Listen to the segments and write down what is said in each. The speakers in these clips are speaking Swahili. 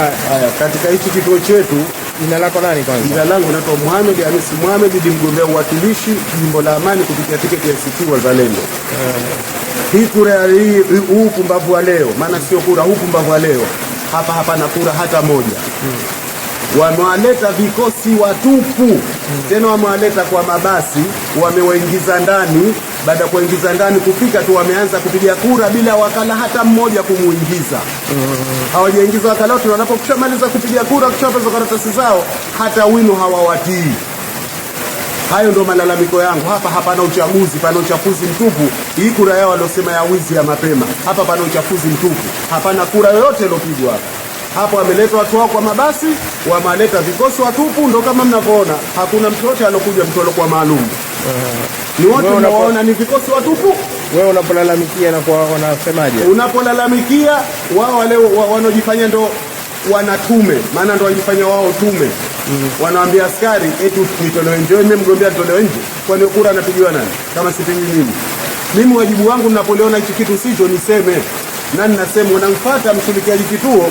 Haya, katika hichi kituo chetu, jina lako nani kwanza? Jina langu naitwa Mohamed Hamisi Mohamed, ni mgombea uwakilishi jimbo la Amani kupitia tiketi ya ACT Wazalendo. Eh. Hii kura huu mbavu wa leo, maana sio kura, huu upumbavu wa leo hapa hapana kura hata moja. Hmm. Wamewaleta vikosi watupu. Hmm. Tena wamewaleta kwa mabasi, wamewaingiza ndani baada ya kuingiza ndani kufika tu wameanza kupiga kura bila wakala hata mmoja kumuingiza. mm. Hawajaingiza wakala wote, wanapokushamaliza kupiga kura, kishapezo karatasi zao, hata wino hawawatii. Hayo ndo malalamiko yangu hapa. Hapana uchaguzi, pana uchafuzi mtupu. Hii kura yao waliosema ya wizi ya mapema, hapa pana uchafuzi mtupu. Hapana kura yoyote ilopigwa Hapo wameleta watu wao kwa mabasi, wamaleta vikosi watupu, ndo kama mnavyoona. Hakuna mtu yote alokuja, mtu alokuwa maalum ni watu unaona ni vikosi watupu. Wewe unapolalamikia na kwa wanasemaje? Unapolalamikia wao wale wanaojifanya ndo wanatume, maana ndo wajifanya wao tume mm. Wanawaambia askari eti tutolewe nje, mimi mgombea tutolewe nje, kwani kura anapigiwa nani kama sipingi mimi? Mimi wajibu wangu ninapoliona hichi kitu sicho niseme, nani, nasema unamfuata mshirikiaji kituo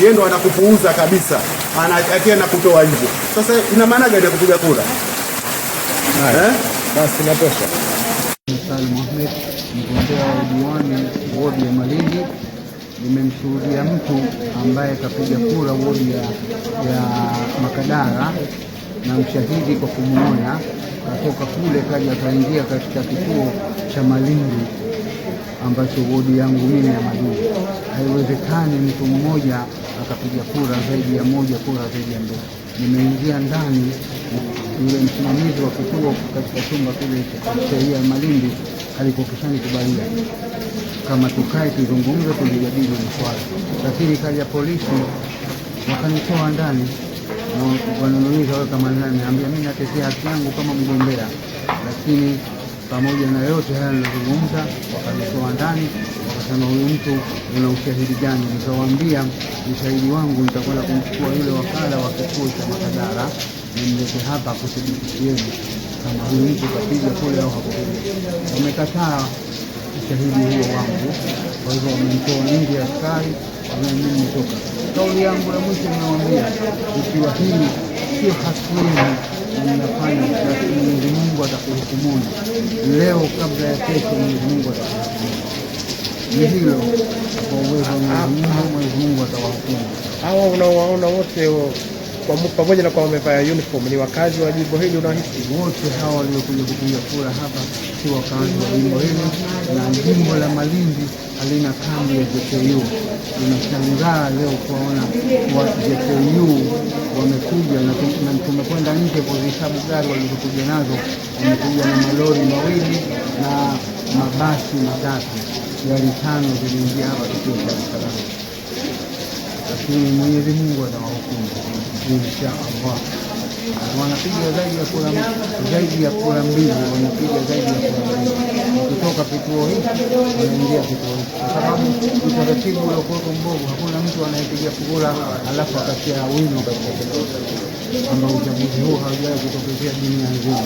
yeye ndo anakupuuza kabisa, anakia na kutoa nje. Sasa ina maana gani ya kupiga kura? Haya eh? basi, natosha. Salim Ahmed, mgombea wa udiwani wodi ya Malindi, nimemshuhudia mtu ambaye kapiga kura wodi ya, ya Makadara na mshahidi kwa kumwona katoka kule kaja akaingia katika kituo cha Malindi ambacho wodi yangu mimi ya Malindi. Haiwezekani mtu mmoja akapiga kura zaidi ya moja, kura zaidi ya mbili. Nimeingia ndani yule msimamizi wa kituo katika chumba kile cha ya Malindi kubalia kama tukae tuzungumze, tulijadili maswala, lakini kali ya polisi wakanitoa ndani na wanunuliza wao kama nani, niambia mimi natetea haki yangu kama mgombea, lakini pamoja na yote haya nilizungumza, wakanisoa ndani, wakasema huyu mtu una ushahidi gani? Nikawaambia ushahidi wangu nitakwenda kumchukua yule wakala wa kituo cha Makadara nimlete hapa kuthibitishieni kama huyu mtu kapiga kule au hakupiga. Wamekataa ushahidi huo wangu, kwa hivyo wamemtoa nje ya askari, mimi nimetoka. Kauli yangu ya mwisho inawambia ikiwa hili sio haki yenu ninafanya, lakini Mwenyezi Mungu atakuhukumuni leo kabla ya kesho. Mwenyezi Mungu atakuhukumuni, hilo kwa uwezo wa Mwenyezi Mungu. Mwenyezi Mungu atawahukumu hawa unaowaona wote kwa pamoja na kwa wamevaa uniform ni wakazi wa jimbo hili unahisi? Wote hawa waliokuja kupiga kura hapa si wakazi wa jimbo hili, na jimbo la Malindi halina kambi ya JKU. Tunashangaa leo kuwaona wa JKU wamekuja na tumekwenda nje kuzihesabu gari walizokuja nazo, wamekuja na malori mawili na mabasi matatu, gari tano ziliingia hapa kituo cha Dar es Salaam lakini Mwenyezi Mungu atawahukumu insha Allah. Wanapiga zaidi ya kura zaidi ya kura mbili, wanapiga zaidi ya kura mbili kutoka kituo hiki wanaingia kituo hiki, kwa sababu utaratibu uliokuwepo mbovu. Hakuna mtu anayepiga kura alafu akatia wino katika kituo ambao uchaguzi huu haujawahi kutokezea dunia nzima.